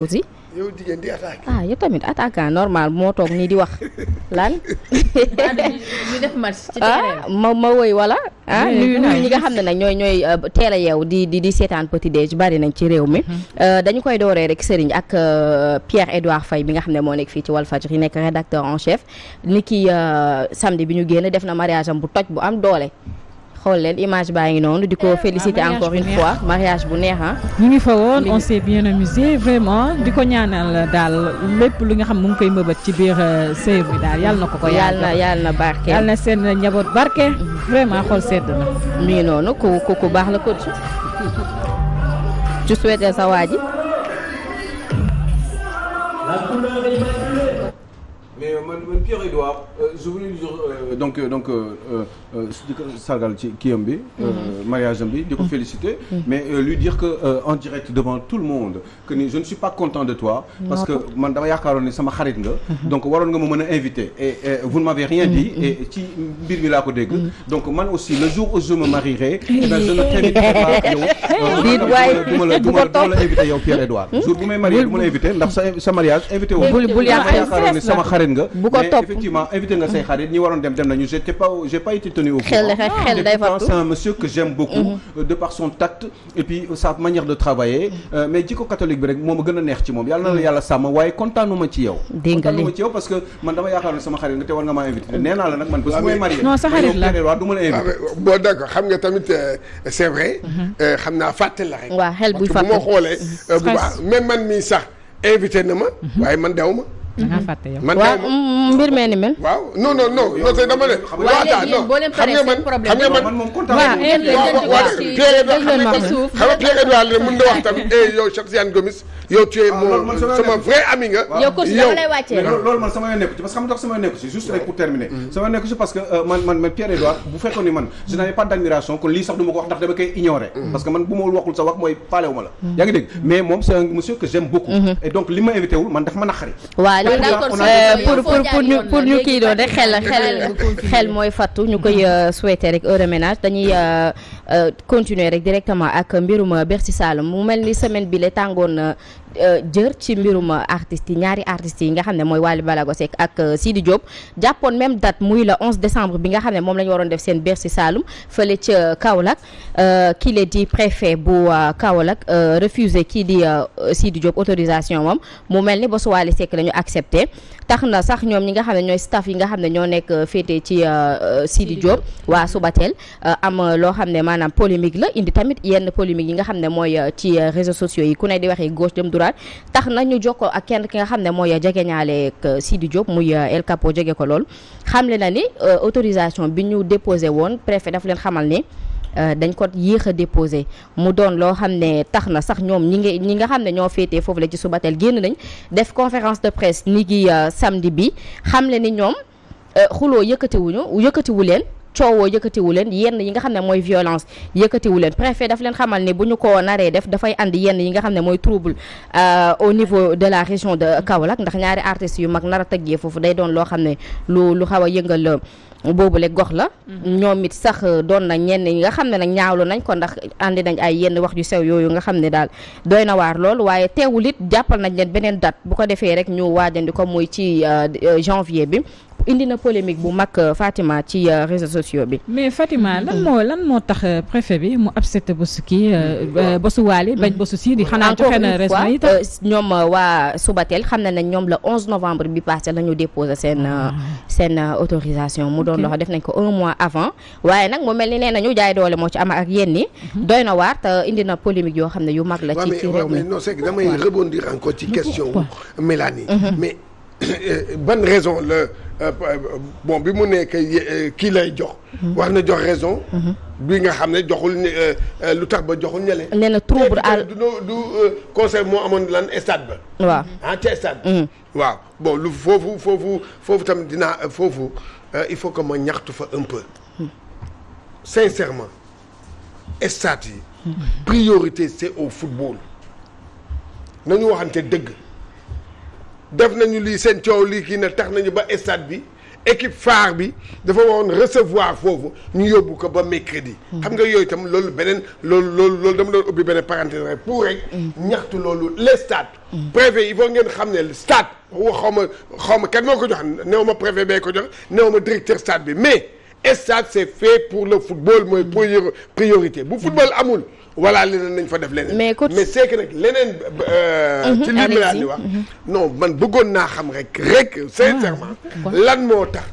aussi. yow jigéen ah, tamit attaquant normal moo toog nii di wax lan. Ah, ma ma woy wala. ah nga xam ne nag ñooy ñooy euh, teel a yeew di di di seetaan petit déj bari nañ ci réew mi. Mhm. Euh, dañu koy dooree rek Serigne ak euh, Pierre Édouard fay bi nga xam ne moo nekk fii ci Walfadjri nekk rédacteur en chef. ni ki samedi bi ñu génn def na mariage bu toj bu am doole. xool leen image baa ngi noonu di ko ah, féliciter encore une fois mariage bu neex ah. ñu ngi fa woon on s'est bien amusé vraiment di ko ñaanal daal lépp lu nga xam mu ngi koy mëbët ci biir euh, sëy bi daal yàlla na ko ko. yàlla na yàlla na barke yàlla na seen njaboot barke. vraiment xool sedd na. mi ngi noonu ku ku ku baax la ko ci. ci souhaiter sa waa ji man man Pierre Edouard euh, je voulais lui dire euh, donc euh, donc di ko bi. Mhm. mariage am bi di ko mhm. féliciter. Mhm. mais lui dire que en direct devant tout le monde que ni je ne suis pas content de toi. parce que man dama yaakaaroon ni sama xarit nga. donc waroon nga ma mën a invité et vous ne m'avez rien dit. et ci mbir mi laa ko dégg. donc man aussi le jour où je me marierai. eh je ne t'inviterai pas yow. la du ma la inviter yow Pierre Edouard. Hmm? jour bu may marier ma la inviter ndax sa sa mariage invité woo. bul bul yaakaar ne sama xarit nga. bu ko topp effectivement invité nga say xarit ñi waroon dem dem nañu j'étais pas j'ai pas été tenu au courant xel day fàttu c'est un que j'aime beaucoup mm-hmm. euh, de par son tact et puis sa manière de travailler euh, mais jikko catholique bi rek moom a gën a neex ci moom yàlla na la mm. yàlla sàmm waaye kontaanuma ci yow kontaanuma ci yow parce que man dama yaakaar sama xarit nga te war nga maa invité mm. nee la nag man bés bu may non sa xarit la du ma la ah, bon d'accord xam nga tamit euh, c'est mm-hmm. xam naa fàttali la rek ma ma mm-hmm. da ngaa mhm. fàtte yow. man mm, mbir mee ni mel. waaw non non non non c'est dama ne. waaw léegi yéen boo leen paree seen problème xam nga man xam nga man. Eh, yow tu es ah, mon sama vrai ami nga. yow ko si dama lay wàccee loolu man sama yoon nekku ci parce que xam nga tax sama yoon nekku ci juste rek pour terminer. Mhm. sama yoon nekku ci parce que euh, man man man Pierre Edouard bu fekkoon ni man je n'avais pas d'admiration kon lii sax du ma ko wax ndax dama koy ignorer. Mhm. parce que man bu ma waxul sa wax mooy paalewu ma la. yaa ngi dégg mais moom c'est un monsieur que j'aime beaucoup. et donc li ma invité wul man daf ma naqari. Euh, pour pour pour ñu pour ñu kii doon rek xel xel mooy fattu ñu koy euh, souhaiter rek heureux ménage dañuy euh, Euh, continuer rek directement ak mbirum Bercy Saloum mu mel ni semaine bi la tàngoon euh, jër ci mbirum artist yi ñaari artistes yi nga xam ne mooy Wally Ballago Seck ak euh, Sidi Diop jàppoon même date muy le 11 décembre bi nga xam ne moom la ñu waroon def seen Bercy Saloum fële ca Kaolack kii la di préfet bu Kaolack refusé kii di siidi Diop autorisation moom mu mel ni ba su Wally Seck la accepté tax na sax ñoom ñi nga xam ne ñooy staff yi nga xam ne ñoo nekk féete ci Sidi Diop waa Subatel am loo xam ne maanaam polémique la indi tamit yenn polémique yi nga xam ne mooy euh, ci euh, réseaux sociaux yi ku ne di waxee gauche dem droite tax na ñu ko ak kenn ki nga xam ne mooy euh, jegeñaale ak Sidi Diop muy El Capo jege ko lool xamle na ni autorisation bi ñu déposé woon préfet daf leen xamal ni. dañ ko yéex a déposé mu doon loo xam ne tax na sax ñoom ñi ngi ñi nga xam ne ñoo féetee foofu la ci subatel génn nañ def conférence de presse nit gi samedi bi xam le ni ñoom xuloo soowoo yëkkatiwu leen yenn yi nga xam ne mooy violence yëkkatiwu leen préfet daf leen xamal ni bu ñu ko naree def dafay andi yenn yi nga xam ne mooy trouble euh, au niveau de la région de Kaolack ndax ñaari artistes yu mag nar a tëggee foofu day doon loo xam ne lu lu xaw a yëngal euh, boobule gox la mm-hmm. ñoom it sax euh, doon na ñenn yi nga xam ne nag ñaawlu nañ ko ndax andi nañ ay yenn wax yu sew yooyu nga xam ne daal doy na waar lool waaye teewul it jàppal nañ leen beneen date bu ko defee rek ñu waajandi ko muy ci janvier bi indi na polémique bu mag euh, Fatima ci euh, réseaux sociaux bi. mais Fatima lan mm-hmm. moo lan moo tax euh, préfet bi mu absente bosu kii mm-hmm. bosu waale bañ mm-hmm. bosu sii di xanaa joxe na raison yi tax ñoom waa Subatel xam na ne ñoom la 11 novembre bi passé la ñu déposé seen ah. seen autorisation mu doon loxo def nañ ko un mois avant waaye nag mu mel ni nee nañu jaay doole moo ci am ak yéen ñi doy na waar te indi na polémique yoo xam ne yu mag la. ci ci réew mi non c'est que damay rebondir Eh, ban raison la euh, bon bi mu nekk euh, kii lay jox. wax na jox raison. bi nga xam ne joxul euh, lu tax ba joxul ñële. nee na trouble à du du conseil moo amoon lan stade ba. waaw ah, mm-hmm. waaw bon lu foofu foofu foofu tamit dinaa foofu il faut que ma ñaxtu fa un peu. sincèrement stade yi. Mm-hmm. priorité c'est au football. nañu waxante dëgg. def nañu lii seen coow lii kii na tax nañu ba stade bi équipe phare bi dafa waroon recevoir foofu ñu yóbbu ko ba mercredi. xam nga yooyu itam loolu beneen loolu loolu loolu dama doon ubbi beneen parenthèse rek pour rek. ñaxtu loolu les stades. préfet il faut ngeen xam ne stade xaw ma xaw ma kan moo ko jox néew ma préfet bee ko jox néew ma directeur stade bi mais stade c'est fait pour le football mooy priorité bu football amul. wala leneen nañ fa def leen mais mais c'est que nag leneen. Euh, mhm. ci li Milane di wax. Mhm. non man bëggoon naa xam rek rek sincèrement. Mhm. lan moo tax.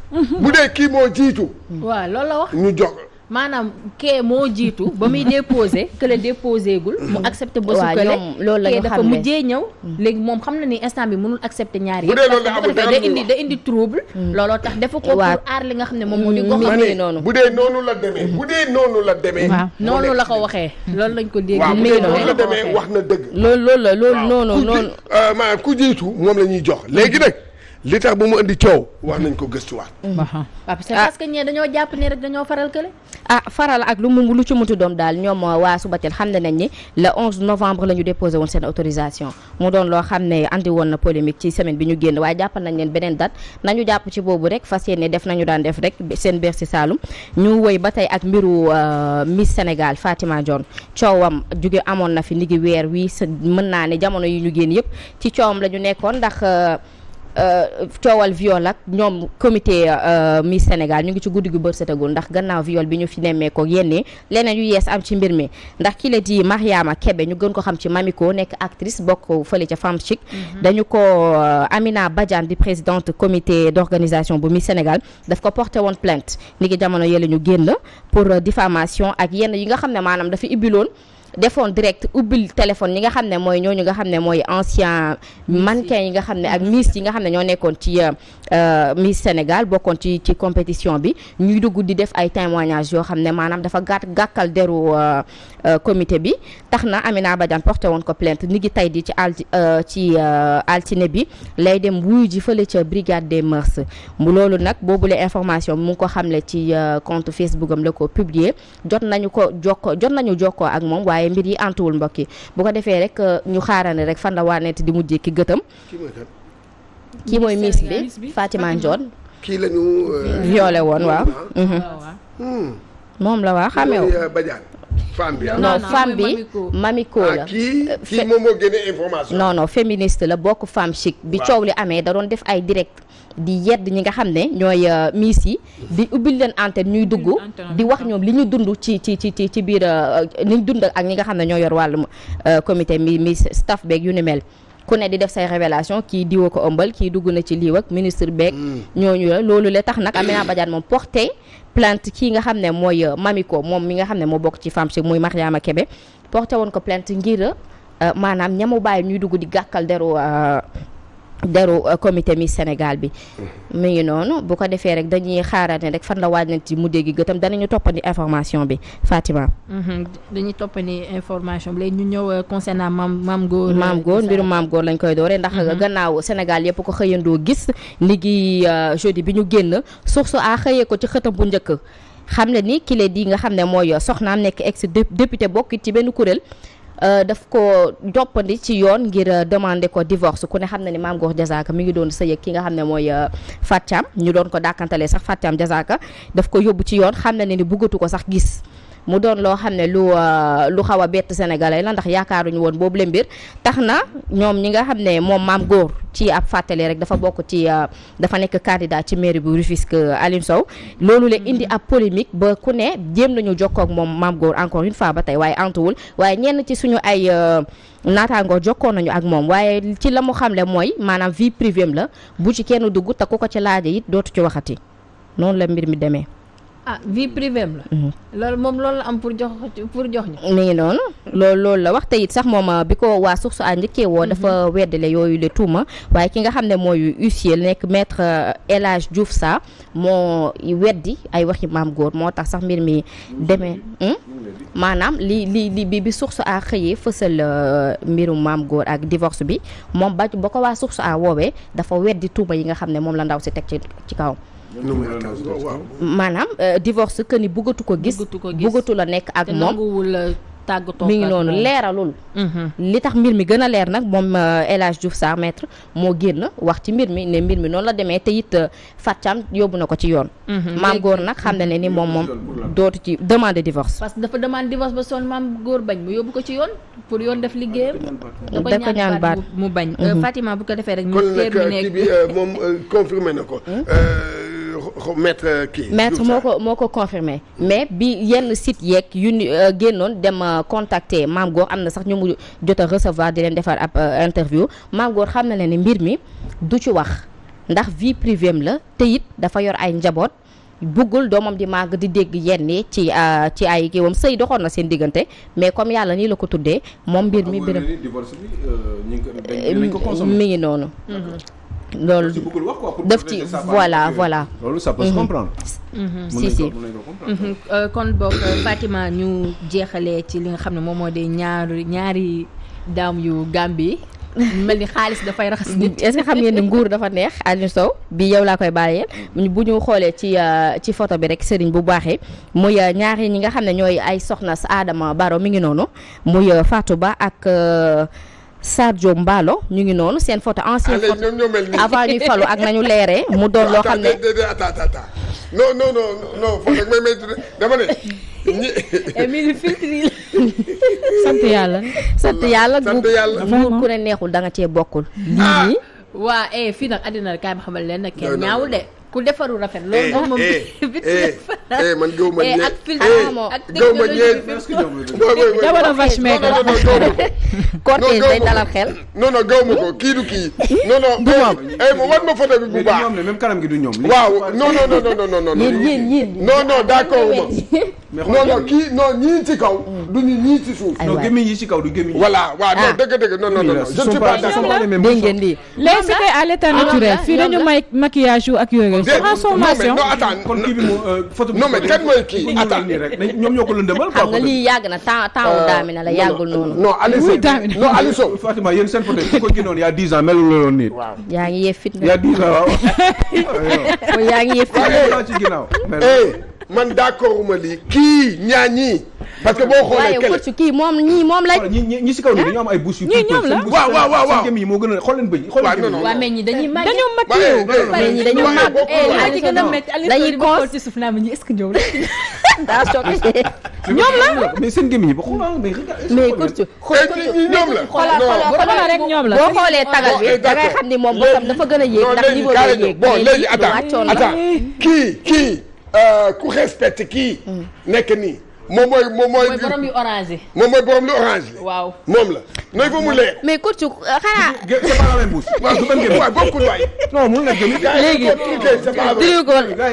bu dee kii moo jiitu. waaw loolu la wax ñu jox. maanaam kee moo jiitu ba muy déposé kële déposé gul mu mm-hmm. accepté ba su kële loolu la dafa mujjee ñëw mm-hmm. léegi moom xam na ni instant bi mënul accepté ñaar yi da indi da indi trouble mm-hmm. looloo tax dafa ko pour aar li nga xam ne moom moo di goxam ni noonu bu dee noonu la demee bu dee noonu la demee waaw noonu la ko waxee loolu lañ ko dégg mi ngi noonu la demee wax na dëgg loolu loolu la loolu noonu noonu euh, maanaam ku jiitu moom la ñuy jox léegi nag li tax ba mu indi coow wax nañ ko gëstuwaat. waaw ah. parce que ñee dañoo jàpp ne rek dañoo faral kële. ah faral ak lu mu lu ci mutu doom daal ñoom euh, waa Subatel xam ne nañ ni le 11 novembre la ñu déposé woon seen autorisation mu doon loo xam ne andi woon na polémique ci semaine bi ñu génn waaye jàpp nañ leen beneen date nañu jàpp ci boobu rek fas yéene def nañu daan def rek seen Bercy Saloum ñu woy ba tey ak mbiru euh, Miss Sénégal Fatima Dione coowam jóge amoon na fi nigi weer wi sa mën naa ne jamono yi ñu génn yëpp ci coowam la ñu nekkoon ndax. Euh, Euh, coowal viol ak ñoom comité euh, Miss Sénégal ñu ngi ci guddi gu bër setagul ndax gannaaw viole bi ñu fi nemmeekoo yenn leneen yu yees am ci mbir mi ndax ki la di Mariama Kebe ñu gën ko xam ci Mamiko nekk actrice bokk fële ca Femme Chic mhm. dañu ko euh, Amina Badiane di présidente comité d'organisation bu Miss Sénégal daf ko porté woon plainte ni ki jamono yële ñu génn pour diffamation ak yenn yi nga xam ne maanaam dafa ibbiloon defoon direct ubbil téléphone ñi nga xam ne mooy ñooñu nga xam ne mooy ancien mannequin yi nga xam ne ak miss yi nga xam ne ñoo nekkoon ci euh, euh, Miss Sénégal bokkoon ci ci compétition bi ñuy dugg di def ay témoignages yoo xam ne maanaam dafa gàtt gàkkal deru euh, Euh, comité bi tax na Amina Badiane porté woon ko plainte ni ngi tey di ci alti euh, ci euh, altine bi lay dem wuyu ji fële ca brigade de mœurs loolu nag boobule information mu ngi ko xamle ci compte Facebook am la ko publier jot nañu ko jokkoo jot nañu jokkoo ak moom waaye mbir yi antuwul mbokk yi bu ko defee rek ñu xaarane rek fan la waaneet di mujjee ki gëtam kii mooy miss bi Fatima Ndione yoole woon waaw ah. mhm. hmm. moom la waa xameew femme bi ah. non bi mamiko la ah, kii euh, kii la bokk femme chic bi coow li amee da doon def ay direct di yedd ñi nga xam ne ñooy euh, miis yi di ubbil leen antenne ñuy dugg di wax ñoom li ñu dund ci ci ci ci ci biir euh, li ñu dund ak ñi nga xam ne ñoo yor wàllum comité mi mi staff beeg yu ni mel ku ne di def say révélation kii diwa ko ëmbal kii dugg na ci liiw ak ministre beeg hmm. ñooñu la loolu la tax nag Amina hmm. Badiane moom porte plainte kii nga xam ne mooy euh, Mamiko moom mi nga xam ne moo bokk ci femme si muy Mariama Kebe porté woon ko plainte ngir euh, maanaam ñamu bàyyi ñuy dugg di gàkkal deru euh, deru uh, comité Miss Sénégal bi mu mm-hmm. ngi noonu bu ko defee rek dañuy xaaraat ne rek fan la waaj nañ ci mu dégg gëtam danañu toppandi information bi Fatima. Mm-hmm. dañuy toppandi information bi léegi ñu ñëw uh, concernant maam maam góor. Uh, maam góor mbirum maam góor lañ koy dooree. ndax mm-hmm. gannaaw Sénégal yëpp ko xëyandoo gis ni gi jeudi bi ñu génn suuf su a xëyee ko ci xëtam bu njëkk. xam ne ni kile di nga xam ne mooy soxnaam nekk ex député bokkit ci benn kurél Euh, daf ko joppandi ci yoon ngir euh, demander ko divorce ku ne xam na ni maam Goor Diazaka mi ngi doon sëy ki nga xam ne mooy euh, Fatou ñu doon ko dàkkantalee sax Fatou Thiam Diazaka daf ko yóbbu ci yoon xam na ne ni buggatu ko sax gis mu doon loo xam ne lu euh, lu xaw a bett sénégalais la ndax yaakaaruñu woon boobu le mbir tax na ñoom ñi nga xam ne moom maam góor ci ab fàttali rek dafa bokk ci euh, dafa nekk candidat ci mairie bu Rufisque euh, Alioune Sow loolu leen indi ab polémique ba ku ne jéem nañu jokkoo ak moom maam góor encore une fois ba tey waaye antuwul waaye ñenn ci suñu ay nataangoor jokkoon nañu ak moom waaye ci la mu xamle mooy maanaam vie privée am la bu ci kenn dugg te ku ko ci laaje it dootu ci waxati noonu la mbir mi demee ah vie privée la. Mhm. loolu moom loolu la am pour jox pour jox ñu. mi ngi noonu loolu loolu la wax te sax moom bi ko waa suuf su à njëkkee woo mhm. dafa weddale yooyu la tuuma waaye ki nga xam ne mooy huissier nekk maître euh, El Hadj Diouf Sarr moo weddi ay waxi maam góor moo tax sax mbir mi demee. Hmm? maanaam li li li bi bi source a xëyee fësal euh, mbirum maam góor ak divorce bi moom ba ba ko waa source a woowee dafa weddi tuuma yi nga xam ne moom la ndaw si teg ci kaw maanaam euh, divorce que ni buggatu ko gis bëggatu la nekk ak moom euh, tàggatoo mi ngi noonu leeralul. Mhm. li tax mbir mi gën a leer nag moom euh, El Hadj Diouf Sarr maître moo génn wax ci mbir mi ne mbir mi noonu la demee te it Fatou yóbbu na ko ci yoon. Mhm. maam góor nag xam na ne ni moom moom mhm. dootu ci demande divorce. parce que dafa demande divorce ba son maam góor bañ mu yóbbu ko ci yoon pour yoon def liggéeyam. da ñaan baat mu bañ. Fatima bu ko defee rek. kon nag kii moom confirmé na ko. Hmm? maître euh, kii. moo ko moo ko confirmé mais bi yenn sit yeeg yu ni euh, génnoon dem euh, contacter maam Góor am na sax ñu mu jot a recevoir di leen defar ab interview maam Góor xam na leen ne mbir mi du ci wax ndax vie privée la te it dafa yor ay njaboot. buggul doomam di màgg di dégg yenn ci ci ay géewam sëy doxoon na seen diggante mais comme yàlla ni la ko tuddee moom mbir mi biram mi ngi noonu loolu def ci voilà voilà loolu ça peut se mhm. Mhm, si si mhm. euh, kon bokk euh, Fatima ñu jeexale ci li nga xam ne moom moo de ñaari ñaari daam yu Gambie mel ni xaalis dafay raxas nit est-ce xam ngeen ni nguur dafa neex Aliou Sow bi yow laa koy bàyyee mm. bu ñu xoolee ci euh, ci photo bi rek sëriñ bu baaxee muy ñaari ñi nga xam ne ñooy ay soxna aadama Baro mi ngi noonu muy Fatou Ba ak Sadio Mballo ñu ngi noonu seen photo ancien photo avant ñuy falu ak nañu leeree mu doon loo xam ne non non non non foofu nag may may sant yàlla. sant yàlla mu ku ne neexul danga nga cee bokkul. ah waa eh fii nag àddina kaay ma xamal leen nag kenn ñaawul de. ku defaru rafet. loolu moom moom man gëw ma ñeent ak fil ak technologie day dalal xel. non non gëw ma ko kii du kii. non non du moom war ma photo bi bu baax même kanam gi du ñoom. waaw non non non non non non. non non d'accord ma. non non kii non ñii ci kaw. du ñu ñii ci suuf. non gémmiñ yi ci kaw du gémmiñ. voilà waaw non dëgg dëgg non non non. je ne suis pas d'accord dégg ngeen lii. léegi c'était à l'état naturel fii dañu may maquillage ak yooyu transformation kon kii bi mu euh, photo bi non mais kan mooy kii attends ñoom ñoo ko lëndëmal xam nga lii yàgg na temps euh, daamina la yàggul noonu non Aliou non Fatima yéen seen photo ku ko gënoon yaa dix ans melul la woon nit yaa ngi yëf fitna yaa dix ans waaw yaa ngi yëf fitna ci ginnaaw eh, man d'accord ma lii kii ñaa ñii. parce que boo xoolee kele waaye kii moom ñii moom la. ñi ñi si kaw nii dañoo am ay bouches yu. ñii ñoom la waaw waaw waaw seen jëm yi moo gën a xool leen bëñ. waaw non non waaw mais ñi dañuy màgg. dañoo màgg yow ba pare ñi dañoo màgg. laa ci gën a métti dañuy cons ci suuf naa ma ñi est-ce que ñoom la. daa choqué ñoom la. mais seen gémmiñ ba xool ah, mais mais eh, kurtu xool ñoom la xoolal xoolal rek ñoom la boo xoolee tagal bi eh, da ngay xam ni moom bosam dafa gën a yéeg ndax niveau bi yéeg bon léegi attends attends kii kii Euh, ku xees pett kii. Mm. nekk nii moom mooy moom mooy. mooy borom yu orange moom mooy borom lu orange waaw moom la. nooy fa mu leer. mais coach euh, xanaa.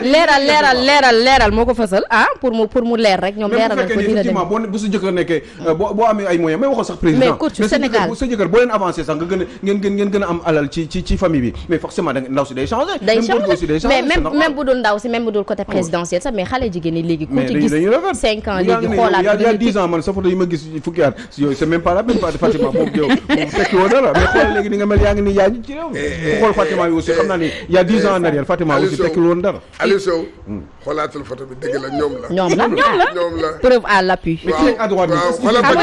leeral leeral leeral leeral moo ko fasal ah pour mu leer rek ñoom leeral nañ ko nii la demee mais bu jëkkër nekkee euh, boo amee ay moyens mais waxoon sax président. mais coach Sénégal sa jëkkër boo leen avancé sax nga gën a ngeen gën a am alal ci famille bi mais forcément da ndaw si day changé. day changé mais même même bu dul ndaw si même bu léegi xoolaat il y a ans man sa photo yi ma gis fukki at yooyu c'est même pas la peine Fatima moom yow woo dara mais xool nga mel yaa ngi ni yaa ngi ci réew mi eh, eh, xool Fatima yi aussi eh, xam naa ni il y a dix ans en arrière Fatima aussi tekki woon dara xoolaatal photo bi dëgg la ñoom la. ñoom la ñoom la preuve à l'appui. waaw waaw xoolal ba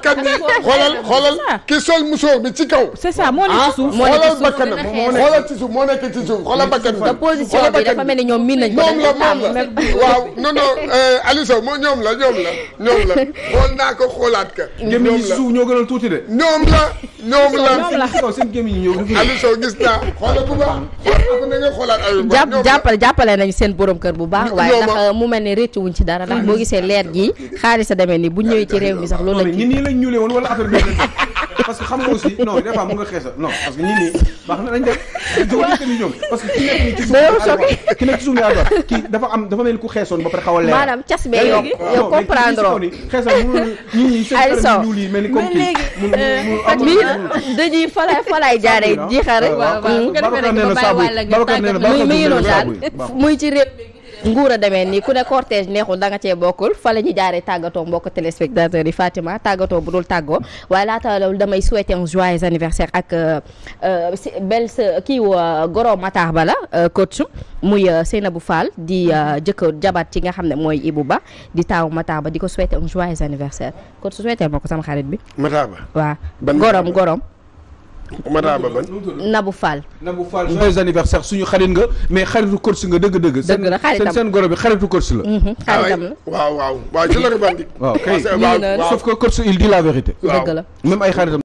kanam xoolal xoolal ki sol musóor bi ci kaw. c'est ça moo nekk ah, ci suuf xoolal ba kanam xoolal ci suuf moo nekk ci suuf xoolal ba kanam. position bi dafa mel ni ñoom miin nañu ko. ñoom la moom la waaw non non euh, Aliou Sow moom ñoom la ñoom la ñoom la xool naa ko xoolaat ka. ñoom la gémmiñ suuf ñoo gënal tuuti de. ñoom la ñoom la. Aliou Sow gis naa xoolal bu baax nañoo xoolaat ayub baax jàppale jàppale nañu seen borom kër bu baax. waaye ndax euh, mu mel ni réccu wuñ ci dara ndax boo gisee leer gi xaalis a demee nii bu ñëwee ci réew mi sax loolu lañ. ñu nii lañ ñuule woon wala affaire bi parce que xam nga aussi non i fois mun nga xeesal non parce que ñii nii baax na dañ dem jóg ñu tamit ñoom parce que dafa am dafa mel ku xeesoon ba pare xaw a maanaam cas bee yow yow comprendre ni xeesal mënul ñuul yi mel ni comme kii mii euh, dañuy falaay falaay jaare jeexal rek waaw bu ko defee rek ba bàyyi wàll ak muy ci réew nguur a demee nii ku ne cortège neexul da nga cee bokkul fa la ñu jaaree tàggatoo mbokk téléspectateurs yi Fatima tàggatoo bu dul tàggoo waaye laata loolu damay souhaiter un joyeux anniversaire ak euh, belle sœur kii euh, goro Matar Ba la euh, coach muy Seynabou Fall di jëkkër jabat ci nga xam ne mooy Ibou Ba di taawu Matar Ba di ko souhaiter un joyeux anniversaire coach souhaiter ma ko sama xarit bi. Matar Ba waaw gorom gorom. Mata Ba ban Nabou Fall. Nabou Fall joyeux anniversaire suñu xarit nga mais xaritu Korsi nga dëgg dëgg. dëgg la xaritam seen goro bi xaritu Korsi la. Mhm, xaritam la ah waaw waaw waaw je le revendique. il dit la vérité. dëgg la même ay xaritam.